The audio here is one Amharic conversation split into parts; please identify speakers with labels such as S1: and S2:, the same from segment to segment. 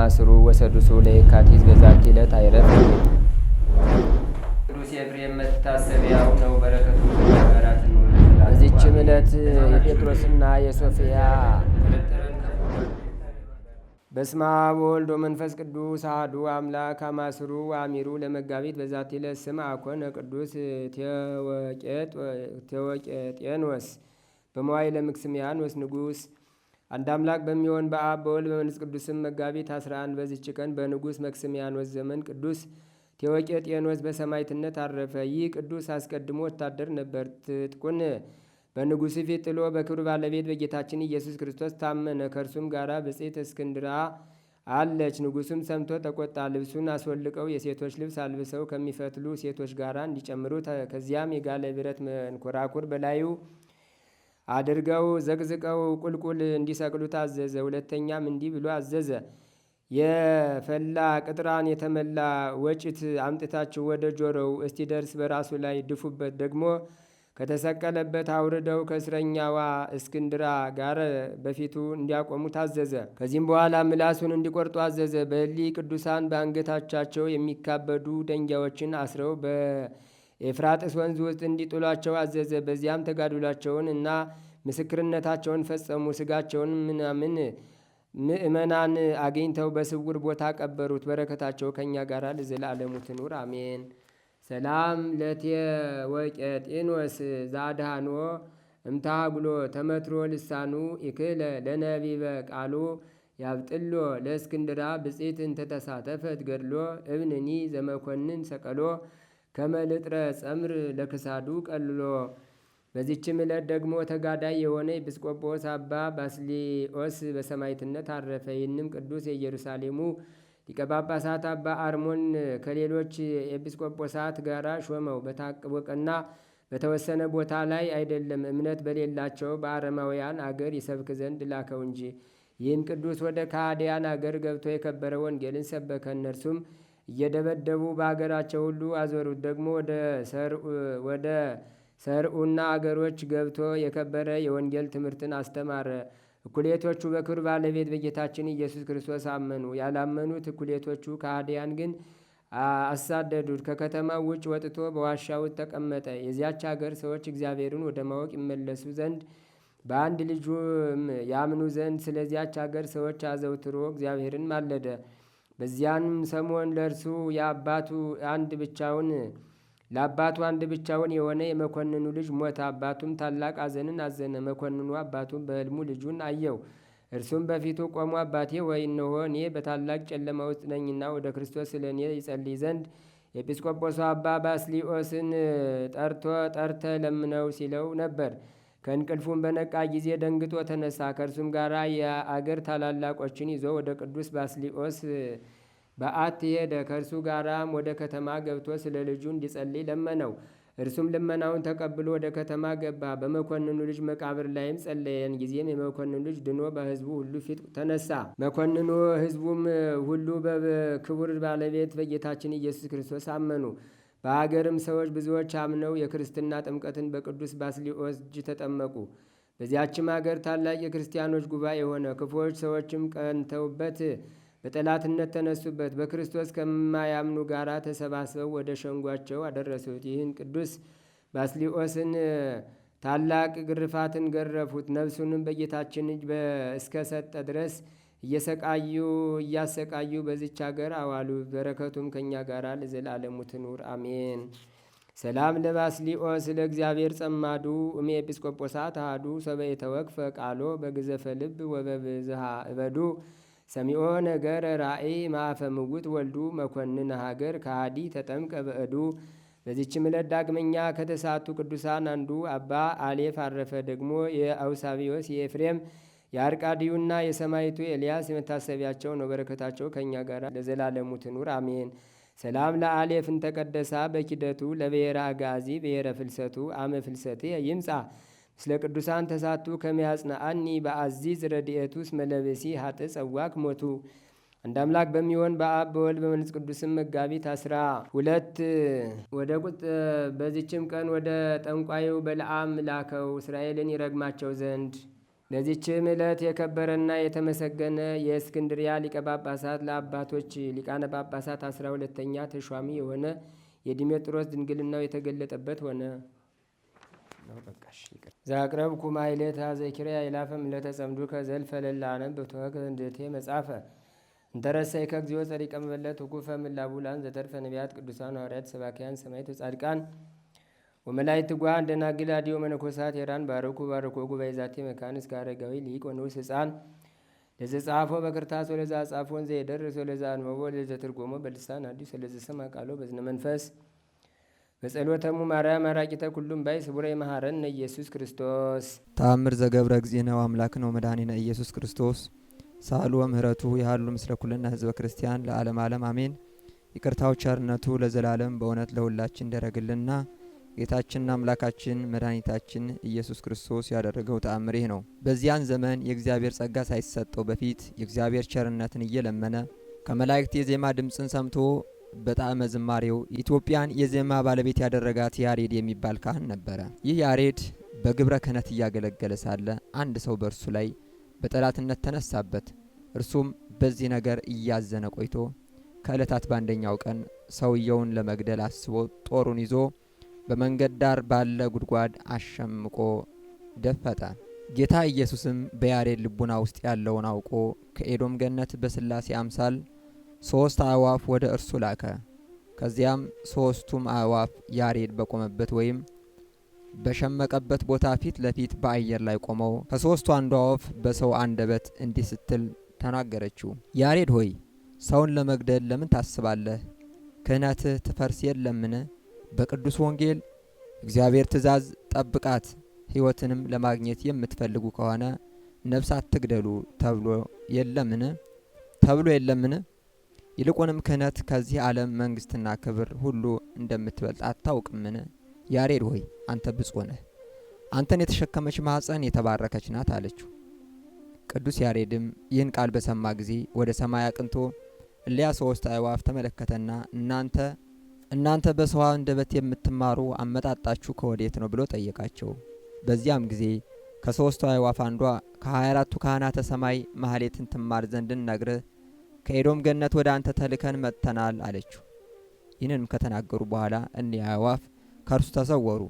S1: ማስሩ ወሰዱሱ ለየካቲት በዛቲ ዕለት አይረፍ። ቅዱስ ኤፍሬም መታሰቢያው ነው። በረከቱ በዚችም ዕለት የጴጥሮስና የሶፊያ በስመ አብ ወወልድ ወመንፈስ ቅዱስ አሐዱ አምላክ አማስሩ አሚሩ ለመጋቢት በዛቲ ዕለት ስም ኮነ ቅዱስ ቴዎቄጤኖስ በመዋዕለ መክስምያኖስ ንጉሥ አንድ አምላክ በሚሆን በአብ በወልድ በመንፈስ ቅዱስም መጋቢት 11 በዚች ቀን በንጉሥ መክስሚያኖስ ዘመን ቅዱስ ቴዎቄጤኖስ በሰማዕትነት አረፈ። ይህ ቅዱስ አስቀድሞ ወታደር ነበር። ትጥቁን በንጉሥ ፊት ጥሎ በክብር ባለቤት በጌታችን ኢየሱስ ክርስቶስ ታመነ። ከእርሱም ጋራ ብጽዕት እስክንድራ አለች። ንጉሡም ሰምቶ ተቆጣ። ልብሱን አስወልቀው የሴቶች ልብስ አልብሰው ከሚፈትሉ ሴቶች ጋራ እንዲጨምሩ ከዚያም የጋለ ብረት መንኮራኩር በላዩ አድርገው ዘቅዝቀው ቁልቁል እንዲሰቅሉት አዘዘ። ሁለተኛም እንዲህ ብሎ አዘዘ። የፈላ ቅጥራን የተመላ ወጭት አምጥታችሁ ወደ ጆሮው ደርስ በራሱ ላይ ድፉበት። ደግሞ ከተሰቀለበት አውርደው ከእስረኛዋ እስክንድራ ጋር በፊቱ እንዲያቆሙ ታዘዘ። ከዚህም በኋላ ምላሱን እንዲቆርጡ አዘዘ። በሊ ቅዱሳን በአንገታቻቸው የሚካበዱ ደንጊያዎችን አስረው በ የፍራጥስ ወንዝ ውስጥ እንዲጥሏቸው አዘዘ። በዚያም ተጋድሏቸውን እና ምስክርነታቸውን ፈጸሙ። ስጋቸውን ምናምን ምእመናን አግኝተው በስውር ቦታ ቀበሩት። በረከታቸው ከእኛ ጋር ለዘላለሙ ትኑር አሜን። ሰላም ለቴወቄጤኖስ ዛድሃኖ ብሎ ተመትሮ ልሳኑ ይክለ ለነቢበ ቃሉ ያብጥሎ ለእስክንድራ ብፅትን ተተሳተፈት ገድሎ እብንኒ ዘመኮንን ሰቀሎ ከመልጥረ ጸምር ለክሳዱ ቀልሎ በዚችም ዕለት ደግሞ ተጋዳይ የሆነ ኤጲስቆጶስ አባ ባስሊኦስ በሰማይትነት አረፈ። ይህንም ቅዱስ የኢየሩሳሌሙ ሊቀ ጳጳሳት አባ አርሞን ከሌሎች ኤጲስቆጶሳት ጋር ሾመው። በታወቀና በተወሰነ ቦታ ላይ አይደለም፣ እምነት በሌላቸው በአረማውያን አገር ይሰብክ ዘንድ ላከው እንጂ። ይህም ቅዱስ ወደ ካዲያን አገር ገብቶ የከበረ ወንጌልን ሰበከ። እነርሱም እየደበደቡ በሀገራቸው ሁሉ አዞሩት። ደግሞ ወደ ሰርዑና አገሮች ገብቶ የከበረ የወንጌል ትምህርትን አስተማረ። እኩሌቶቹ በክብር ባለቤት በጌታችን ኢየሱስ ክርስቶስ አመኑ። ያላመኑት እኩሌቶቹ ከሃዲያን ግን አሳደዱት። ከከተማው ውጭ ወጥቶ በዋሻውት ተቀመጠ። የዚያች አገር ሰዎች እግዚአብሔርን ወደ ማወቅ ይመለሱ ዘንድ በአንድ ልጁም ያምኑ ዘንድ ስለዚያች አገር ሰዎች አዘውትሮ እግዚአብሔርን ማለደ። በዚያንም ሰሞን ለእርሱ የአባቱ አንድ ብቻውን ለአባቱ አንድ ብቻውን የሆነ የመኮንኑ ልጅ ሞተ። አባቱም ታላቅ አዘንን አዘነ። መኮንኑ አባቱን በሕልሙ ልጁን አየው። እርሱም በፊቱ ቆሞ አባቴ ወይ እነሆ እኔ በታላቅ ጨለማ ውስጥ ነኝና ወደ ክርስቶስ ስለ እኔ ይጸልይ ዘንድ ኤጲስቆጶሱ አባ ባስሊኦስን ጠርቶ ጠርተ ለምነው ሲለው ነበር። ከእንቅልፉም በነቃ ጊዜ ደንግጦ ተነሳ። ከእርሱም ጋር የአገር ታላላቆችን ይዞ ወደ ቅዱስ ባስሊዮስ በዓት ሄደ። ከእርሱ ጋራም ወደ ከተማ ገብቶ ስለ ልጁ እንዲጸልይ ለመነው። እርሱም ልመናውን ተቀብሎ ወደ ከተማ ገባ። በመኮንኑ ልጅ መቃብር ላይም ጸለየን ጊዜም የመኮንኑ ልጅ ድኖ በሕዝቡ ሁሉ ፊት ተነሳ። መኮንኑ ሕዝቡም ሁሉ በክቡር ባለቤት በጌታችን ኢየሱስ ክርስቶስ አመኑ። በሀገርም ሰዎች ብዙዎች አምነው የክርስትና ጥምቀትን በቅዱስ ባስሊዮስ እጅ ተጠመቁ። በዚያችም አገር ታላቅ የክርስቲያኖች ጉባኤ የሆነ ክፉዎች ሰዎችም ቀንተውበት በጠላትነት ተነሱበት። በክርስቶስ ከማያምኑ ጋር ተሰባስበው ወደ ሸንጓቸው አደረሱት። ይህን ቅዱስ ባስሊዮስን ታላቅ ግርፋትን ገረፉት። ነፍሱንም በጌታችን እጅ እስከሰጠ ድረስ እየሰቃዩ እያሰቃዩ በዚች ሀገር አዋሉ። በረከቱም ከእኛ ጋር ለዘላለሙ ትኑር አሜን። ሰላም ለባስሊኦስ ለእግዚአብሔር ጸማዱ እሜ ኤጲስቆጶሳት አሃዱ ሰበይ የተወክፈ ቃሎ በግዘፈ ልብ ወበብዝሃ እበዱ ሰሚኦ ነገር ራእይ ማፈ ምውት ወልዱ መኮንን ሀገር ከሃዲ ተጠምቀ በእዱ። በዚች ምለት ዳግመኛ ከተሳቱ ቅዱሳን አንዱ አባ አሌፍ አረፈ። ደግሞ የአውሳቢዮስ የኤፍሬም የአርቃዲዩና የሰማይቱ ኤልያስ የመታሰቢያቸው ነው። በረከታቸው ከእኛ ጋር ለዘላለሙ ትኑር አሜን። ሰላም ለአሌፍን ተቀደሳ በኪደቱ ለብሔረ አጋዚ ብሔረ ፍልሰቱ አመ ፍልሰት ይምጻ ስለ ቅዱሳን ተሳቱ አኒ በአዚዝ ረድኤቱስ መለበሲ ሀጥ ጸዋክ ሞቱ አንድ አምላክ በሚሆን በአብ በወልድ በመንፈስ ቅዱስም መጋቢት አስራ ሁለት ወደ ቁጥ በዚችም ቀን ወደ ጠንቋዩ በለዓም ላከው እስራኤልን ይረግማቸው ዘንድ በዚችም ዕለት የከበረና የተመሰገነ የእስክንድሪያ ሊቀ ጳጳሳት ለአባቶች ሊቃነ ጳጳሳት አስራ ሁለተኛ ተሿሚ የሆነ የዲሜጥሮስ ድንግልናው የተገለጠበት ሆነ። ዛቅረብ ኩማ ይሌታ ዘኪርያ ይላፈም ለተጸምዱ ከዘልፈ ለላነብ ብትወክ እንድቴ መጻፈ እንተረሳይ ከግዚኦ ጸሪቀ መበለት ህጉፈ ምላቡላን ዘተርፈ ነቢያት ቅዱሳን ሐዋርያት ሰባኪያን ሰማይ ተጻድቃን ወመላእክት ጓን ደናግል አዲዮ መነኮሳት የራን ባረኩ ባረኮ ጉባኤ ዛቴ መካን እስከ ሊቆ ሊቅ ወንውስ ህፃን ጻፎ በክርታስ ወለዛ ጻፎ ወንዘ የደርስ ወለዛ አንበቦ ለዘ ትርጎሞ በልሳን አዲስ ወለዘ ሰማ ቃሎ በዝነ መንፈስ በጸሎተሙ ማርያም አራቂተ ኩሉም ባይ ስቡረ መሐረነ ኢየሱስ ክርስቶስ
S2: ተአምር ዘገብረ ነው አምላክነ ወመድኃኒነ ኢየሱስ ክርስቶስ ሳሉ ወምህረቱ ያህሉ ምስለ ኩልና ህዝበ ክርስቲያን ለዓለም ዓለም አሜን። ይቅርታው ቸርነቱ ለዘላለም በእውነት ለሁላችን ደረግልና ጌታችንና አምላካችን መድኃኒታችን ኢየሱስ ክርስቶስ ያደረገው ተአምር ይህ ነው። በዚያን ዘመን የእግዚአብሔር ጸጋ ሳይሰጠው በፊት የእግዚአብሔር ቸርነትን እየለመነ ከመላእክት የዜማ ድምፅን ሰምቶ በጣዕመ ዝማሬው ኢትዮጵያን የዜማ ባለቤት ያደረጋት ያሬድ የሚባል ካህን ነበረ። ይህ ያሬድ በግብረ ክህነት እያገለገለ ሳለ አንድ ሰው በእርሱ ላይ በጠላትነት ተነሳበት። እርሱም በዚህ ነገር እያዘነ ቆይቶ ከዕለታት በአንደኛው ቀን ሰውየውን ለመግደል አስቦ ጦሩን ይዞ በመንገድ ዳር ባለ ጉድጓድ አሸምቆ ደፈጠ። ጌታ ኢየሱስም በያሬድ ልቡና ውስጥ ያለውን አውቆ ከኤዶም ገነት በስላሴ አምሳል ሶስት አእዋፍ ወደ እርሱ ላከ። ከዚያም ሶስቱም አእዋፍ ያሬድ በቆመበት ወይም በሸመቀበት ቦታ ፊት ለፊት በአየር ላይ ቆመው ከሶስቱ አንዷ ወፍ በሰው አንደበት እንዲህ ስትል ተናገረችው። ያሬድ ሆይ ሰውን ለመግደል ለምን ታስባለህ? ክህነትህ ትፈርስ የለምን? በቅዱስ ወንጌል እግዚአብሔር ትእዛዝ ጠብቃት፣ ሕይወትንም ለማግኘት የምትፈልጉ ከሆነ ነፍስ አትግደሉ ተብሎ የለምን ተብሎ የለምን? ይልቁንም ክህነት ከዚህ ዓለም መንግሥትና ክብር ሁሉ እንደምትበልጥ አታውቅምን? ያሬድ ሆይ አንተ ብፁዕ ነህ፣ አንተን የተሸከመች ማኅፀን የተባረከች ናት አለችው። ቅዱስ ያሬድም ይህን ቃል በሰማ ጊዜ ወደ ሰማይ አቅንቶ እሊያ ሶስት አዕዋፍ ተመለከተና እናንተ እናንተ በሰው አንደበት የምትማሩ አመጣጣችሁ ከወዴት ነው ብሎ ጠየቃቸው። በዚያም ጊዜ ከሦስቱ አእዋፍ አንዷ ከሀያ አራቱ ካህናተ ሰማይ ማህሌትን ትማር ዘንድ እንነግርህ ከኤዶም ገነት ወደ አንተ ተልከን መጥተናል አለችው። ይህንንም ከተናገሩ በኋላ እኒህ አእዋፍ ከእርሱ ተሰወሩ።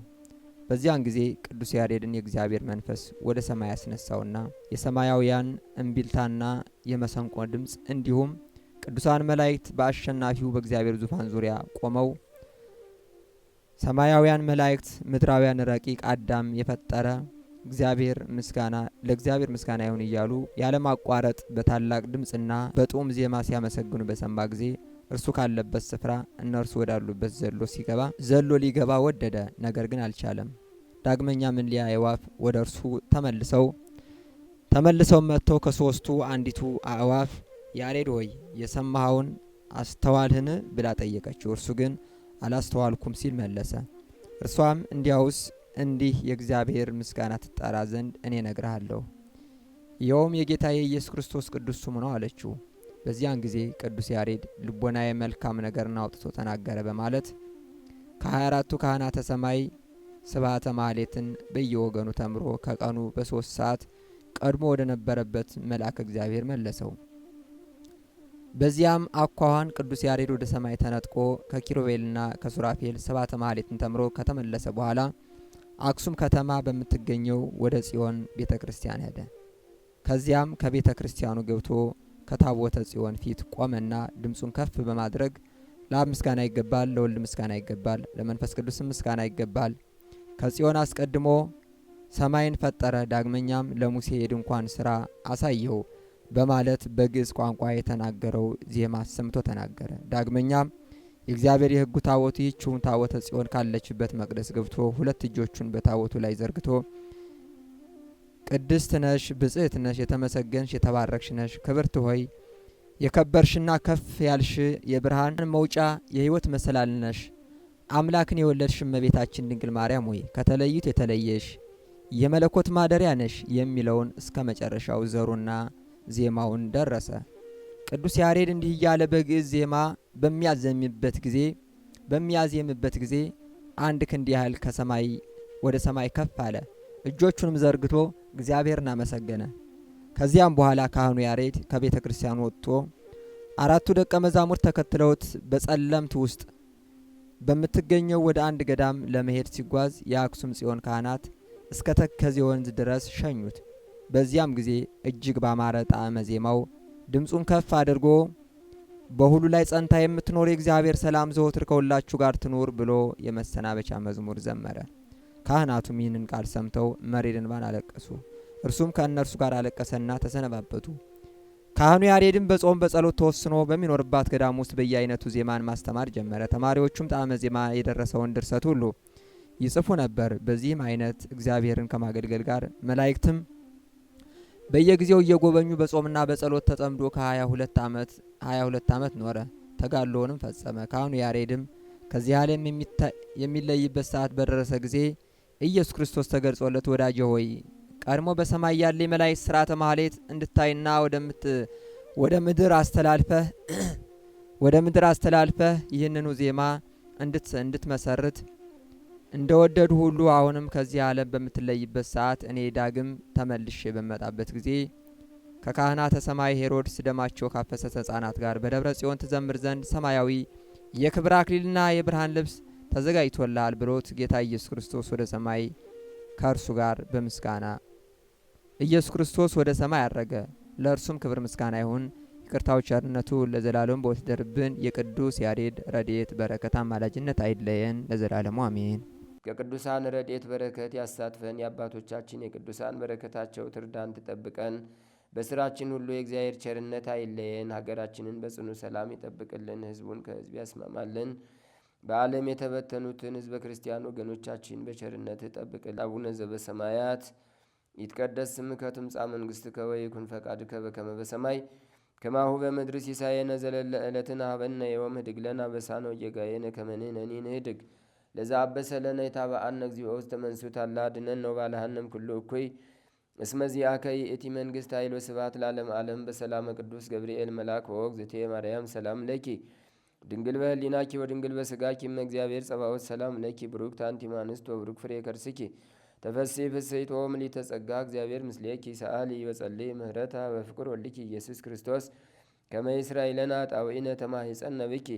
S2: በዚያን ጊዜ ቅዱስ ያሬድን የእግዚአብሔር መንፈስ ወደ ሰማይ ያስነሳውና የሰማያውያን እምቢልታና የመሰንቆ ድምፅ እንዲሁም ቅዱሳን መላእክት በአሸናፊው በእግዚአብሔር ዙፋን ዙሪያ ቆመው ሰማያውያን መላእክት ምድራውያን ረቂቅ አዳም የፈጠረ እግዚአብሔር ምስጋና ለእግዚአብሔር ምስጋና ይሁን እያሉ ያለማቋረጥ በታላቅ ድምፅና በጡም ዜማ ሲያመሰግኑ በሰማ ጊዜ እርሱ ካለበት ስፍራ እነርሱ ወዳሉበት ዘሎ ሲገባ ዘሎ ሊገባ ወደደ፣ ነገር ግን አልቻለም። ዳግመኛ ምን ሊያ አእዋፍ ወደ እርሱ ተመልሰው ተመልሰው መጥተው ከሶስቱ አንዲቱ አእዋፍ ያሬድ ሆይ የሰማኸውን አስተዋልህን ብላ ጠየቀችው። እርሱ ግን አላስተዋልኩም ሲል መለሰ። እርሷም እንዲያውስ እንዲህ የእግዚአብሔር ምስጋና ትጠራ ዘንድ እኔ ነግርሃለሁ፣ ይኸውም የጌታ የኢየሱስ ክርስቶስ ቅዱስ ስሙ ነው አለችው። በዚያን ጊዜ ቅዱስ ያሬድ ልቦናዬ መልካም ነገርን አውጥቶ ተናገረ በማለት ከሀያ አራቱ ካህናተ ሰማይ ስብሐተ ማህሌትን በየወገኑ ተምሮ ከቀኑ በሶስት ሰዓት ቀድሞ ወደ ነበረበት መልአክ እግዚአብሔር መለሰው። በዚያም አኳኋን ቅዱስ ያሬድ ወደ ሰማይ ተነጥቆ ከኪሩቤልና ከሱራፌል ሰባተ ማህሌትን ተምሮ ከተመለሰ በኋላ አክሱም ከተማ በምትገኘው ወደ ጽዮን ቤተ ክርስቲያን ሄደ። ከዚያም ከቤተ ክርስቲያኑ ገብቶ ከታቦተ ጽዮን ፊት ቆመና ድምፁን ከፍ በማድረግ ለአብ ምስጋና ይገባል፣ ለወልድ ምስጋና ይገባል፣ ለመንፈስ ቅዱስም ምስጋና ይገባል። ከጽዮን አስቀድሞ ሰማይን ፈጠረ። ዳግመኛም ለሙሴ የድንኳን ሥራ አሳየው። በማለት በግዕዝ ቋንቋ የተናገረው ዜማ አሰምቶ ተናገረ። ዳግመኛም የእግዚአብሔር የሕጉ ታቦት ይህችውን ታቦተ ጽዮን ካለችበት መቅደስ ገብቶ ሁለት እጆቹን በታቦቱ ላይ ዘርግቶ ቅድስት ነሽ፣ ብጽሕት ነሽ፣ የተመሰገንሽ የተባረክሽ ነሽ፣ ክብርት ሆይ የከበርሽና ከፍ ያልሽ የብርሃን መውጫ የሕይወት መሰላል ነሽ፣ አምላክን የወለድሽ እመቤታችን ድንግል ማርያም ሆይ ከተለዩት የተለየሽ የመለኮት ማደሪያ ነሽ የሚለውን እስከ መጨረሻው ዘሩና ዜማውን ደረሰ። ቅዱስ ያሬድ እንዲህ እያለ በግዕዝ ዜማ በሚያዘምበት ጊዜ በሚያዜምበት ጊዜ አንድ ክንድ ያህል ከሰማይ ወደ ሰማይ ከፍ አለ። እጆቹንም ዘርግቶ እግዚአብሔርን አመሰገነ። ከዚያም በኋላ ካህኑ ያሬድ ከቤተ ክርስቲያን ወጥቶ አራቱ ደቀ መዛሙርት ተከትለውት በጸለምት ውስጥ በምትገኘው ወደ አንድ ገዳም ለመሄድ ሲጓዝ የአክሱም ጽዮን ካህናት እስከ ተከዜ ወንዝ ድረስ ሸኙት። በዚያም ጊዜ እጅግ ባማረ ጣዕመ ዜማው ድምፁን ከፍ አድርጎ በሁሉ ላይ ጸንታ የምትኖር የእግዚአብሔር ሰላም ዘወትር ከሁላችሁ ጋር ትኑር ብሎ የመሰናበቻ መዝሙር ዘመረ። ካህናቱም ይህንን ቃል ሰምተው መሬድ አለቀሱ። እርሱም ከእነርሱ ጋር አለቀሰና ተሰነባበቱ። ካህኑ ያሬድን በጾም በጸሎት ተወስኖ በሚኖርባት ገዳም ውስጥ በየአይነቱ ዜማን ማስተማር ጀመረ። ተማሪዎቹም ጣዕመ ዜማ የደረሰውን ድርሰት ሁሉ ይጽፉ ነበር። በዚህም አይነት እግዚአብሔርን ከማገልገል ጋር መላእክትም በየጊዜው እየጎበኙ በጾምና በጸሎት ተጠምዶ ከ22 ዓመት 22 ዓመት ኖረ። ተጋድሎውንም ፈጸመ። ካህኑ ያሬድም ከዚህ ዓለም የሚለይበት ሰዓት በደረሰ ጊዜ ኢየሱስ ክርስቶስ ተገልጾለት ወዳጄ ሆይ ቀድሞ በሰማይ ያለ የመላእክት ሥርዓተ ማህሌት እንድታይና ወደ ምድር አስተላልፈህ ወደ ምድር አስተላልፈህ ይህንኑ ዜማ እንድትመሰርት እንደ ወደዱ ሁሉ አሁንም ከዚህ ዓለም በምትለይበት ሰዓት እኔ ዳግም ተመልሼ በመጣበት ጊዜ ከካህናተ ሰማይ ሄሮድስ ደማቸው ካፈሰ ሕፃናት ጋር በደብረ ጽዮን ትዘምር ዘንድ ሰማያዊ የክብር አክሊልና የብርሃን ልብስ ተዘጋጅቶልሃል ብሎት ጌታ ኢየሱስ ክርስቶስ ወደ ሰማይ ከእርሱ ጋር በምስጋና ኢየሱስ ክርስቶስ ወደ ሰማይ አረገ። ለእርሱም ክብር ምስጋና ይሁን። ይቅርታው ቸርነቱ ለዘላለሙ በወትደርብን የቅዱስ ያሬድ ረድኤት በረከት አማላጅነት አይለየን ለዘላለሙ አሜን።
S1: ከቅዱሳን ረድኤት በረከት ያሳትፈን። የአባቶቻችን የቅዱሳን በረከታቸው ትርዳን፣ ትጠብቀን። በስራችን ሁሉ የእግዚአብሔር ቸርነት አይለየን። ሀገራችንን በጽኑ ሰላም ይጠብቅልን፣ ህዝቡን ከህዝብ ያስማማልን። በዓለም የተበተኑትን ህዝበ ክርስቲያን ወገኖቻችን በቸርነት ጠብቅልን። አቡነ ዘበሰማያት ይትቀደስ ስምከ ትምጻእ መንግሥትከ ወይኩን ፈቃድከ በከመ በሰማይ ከማሁ በምድር ሲሳየነ ዘለለ ዕለትነ ሀበነ ዮም ህድግ ለነ አበሳነ ወጌጋየነ ከመ ንሕነኒ ንህድግ ለዛ አበሰለነ የታበአነ እግዚኦ ውስጥ መንሱት አላ ድነን ነው ባልሃንም ኩሉ እኩይ እስመዚያ ከይ እቲ መንግስት ኃይሎ ስብሐት ለዓለም ዓለም በሰላመ ቅዱስ ገብርኤል መልአክ ወእግዝእቴ ማርያም ሰላም ለኪ ድንግል በህሊናኪ ወድንግል በስጋኪ እመ እግዚአብሔር ጸባዖት ሰላም ለኪ ብሩክት አንቲ እምአንስት ወብሩክ ፍሬ ከርስኪ ተፈሲ ፍስሕት ወምልዕተ ጸጋ እግዚአብሔር ምስሌኪ ሰአሊ ወጸልይ ምህረታ በፍቅር ወልኪ ኢየሱስ ክርስቶስ ከመ ይስራይ ለነ ኃጣውኢነ ተማኅፀነ ብኪ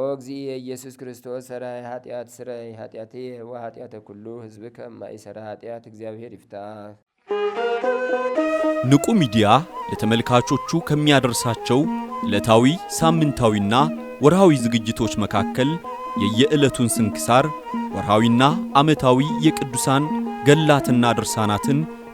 S1: ኦ እግዚእ ኢየሱስ ክርስቶስ ሰራይ ኃጢአት ስራይ ኃጢአቴ ወኃጢአተ ኩሉ ህዝብ ከማይሰራ ኃጢአት እግዚአብሔር ይፍታ።
S3: ንቁ ሚዲያ ለተመልካቾቹ ከሚያደርሳቸው ዕለታዊ ሳምንታዊና ወርሃዊ ዝግጅቶች መካከል የየዕለቱን ስንክሳር ወርሃዊና ዓመታዊ የቅዱሳን ገላትና ድርሳናትን